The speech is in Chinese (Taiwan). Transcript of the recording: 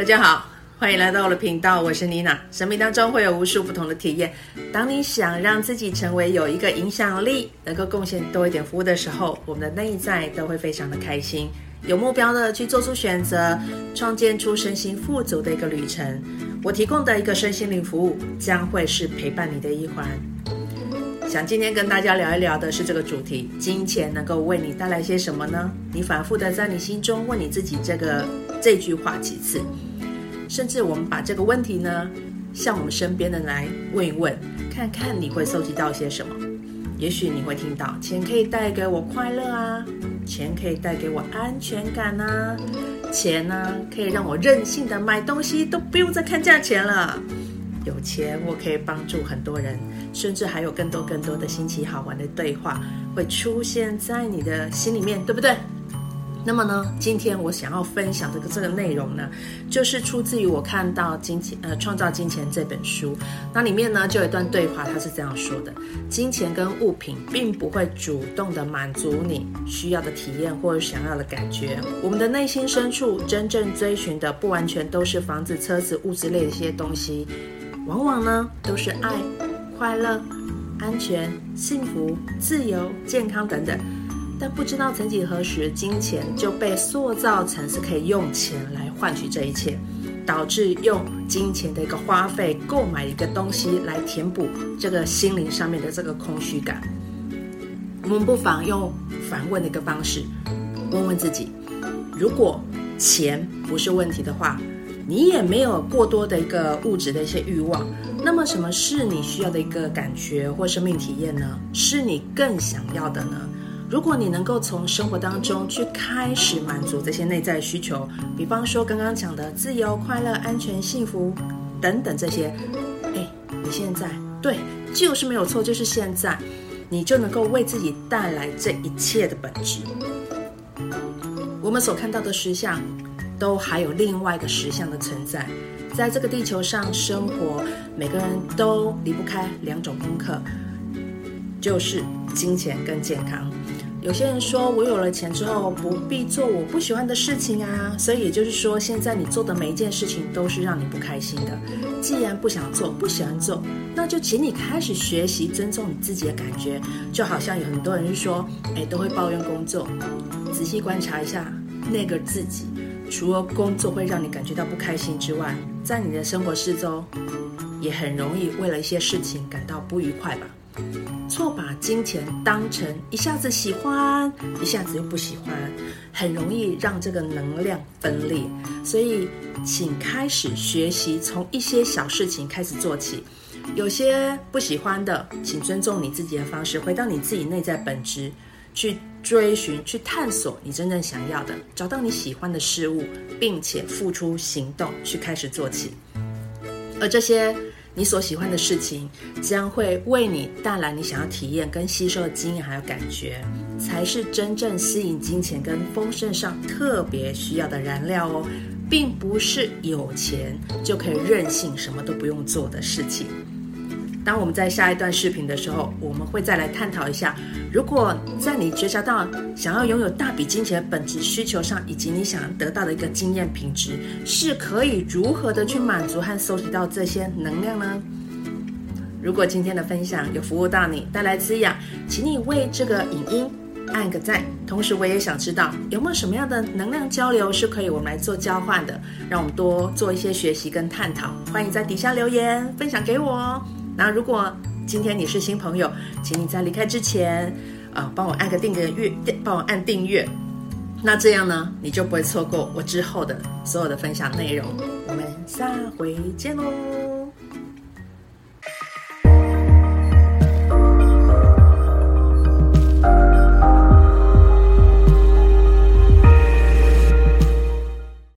大家好，歡迎來到我的頻道，我是妮娜。生命當中會有無數不同的體驗。當你想讓自己成為有一個影響力，能夠貢獻多一點服務的時候，我們的內在都會非常的開心。有目標的去做出選擇，創建出身心富足的一個旅程。我提供的一個身心靈服務，將會是陪伴你的一環。想今天跟大家聊一聊的是這個主題：金錢能夠為你帶來些什麼呢？你反覆的在你心中問你自己這個這句話幾次，甚至我們把這個問題呢向我們身邊的來問一問，看看你會收集到些什麼。也許你會聽到，錢可以帶給我快樂啊，錢可以帶給我安全感啊，錢呢可以讓我任性的買東西，都不用再看價錢了。有錢，我可以幫助很多人，甚至還有更多更多的新奇好玩的對話會出現在你的心裡面，對不對？那麼呢，今天我想要分享的這個內容呢，就是出自於我看到《金錢》，呃，《創造金錢》這本書，那裡面呢就有一段對話，它是這樣說的：金錢跟物品並不會主動地滿足你需要的體驗或者想要的感覺。我們的內心深處真正追尋的，不完全都是房子、車子、物質類的一些東西。往往呢都是愛、快樂、安全、幸福、自由、健康等等，但不知道曾幾何時，金錢就被塑造成是可以用錢來換取這一切，導致用金錢的一個花費購買一個東西來填補這個心靈上面的這個空虛感。我們不妨用反問的一個方式問問自己：如果錢不是問題的話。你也沒有過多的一個物質的一些慾望，那麼什麼是你需要的一個感覺或生命體驗呢？是你更想要的呢？如果你能夠從生活當中去開始滿足這些內在需求，比方說剛剛講的自由、快樂、安全、幸福等等這些，哎，你現在對，就是沒有錯，就是現在，你就能夠為自己帶來這一切的本質。我們所看到的實相，都還有另外一個實相的存在，在，在這個地球上生活，每個人都離不開兩種功課，就是金錢跟健康。有些人說，我有了錢之後，不必做我不喜歡的事情啊，所以也就是說，現在你做的每一件事情都是讓你不開心的。既然不想做，不喜歡做，那就請你開始學習尊重你自己的感覺。就好像有很多人說，誒，都會抱怨工作，仔細觀察一下那個自己。除了工作會讓你感覺到不開心之外，在你的生活四周，也很容易為了一些事情感到不愉快吧。錯把金錢當成一下子喜歡，一下子又不喜歡，很容易讓這個能量分裂。所以，請開始學習，從一些小事情開始做起。有些不喜歡的，請尊重你自己的方式，回到你自己內在本質。去追尋、去探索你真正想要的，找到你喜歡的事物，並且付出行動去開始做起。而這些你所喜歡的事情，將會為你帶來你想要體驗跟吸收的經驗還有感覺，才是真正吸引金錢跟豐盛上特別需要的燃料哦，並不是有錢就可以任性，什麼都不用做的事情。當我們在下一段視頻的時候，我們會再來探討一下，如果在你覺察到想要擁有大筆金錢本質需求上，以及你想得到的一個經驗品質，是可以如何的去滿足和蒐集到這些能量呢？如果今天的分享有服務到你，帶來滋養，請你為這個影音按個讚。同時，我也想知道有沒有什麼樣的能量交流是可以我們來做交換的，讓我們多做一些學習跟探討。歡迎在底下留言分享給我。那，如果今天你是新朋友，請你在離開之前，呃，幫我按個訂閱，幫我按訂閱。那這樣呢，你就不會錯過我之後的所有的分享內容。我們下回見嘍。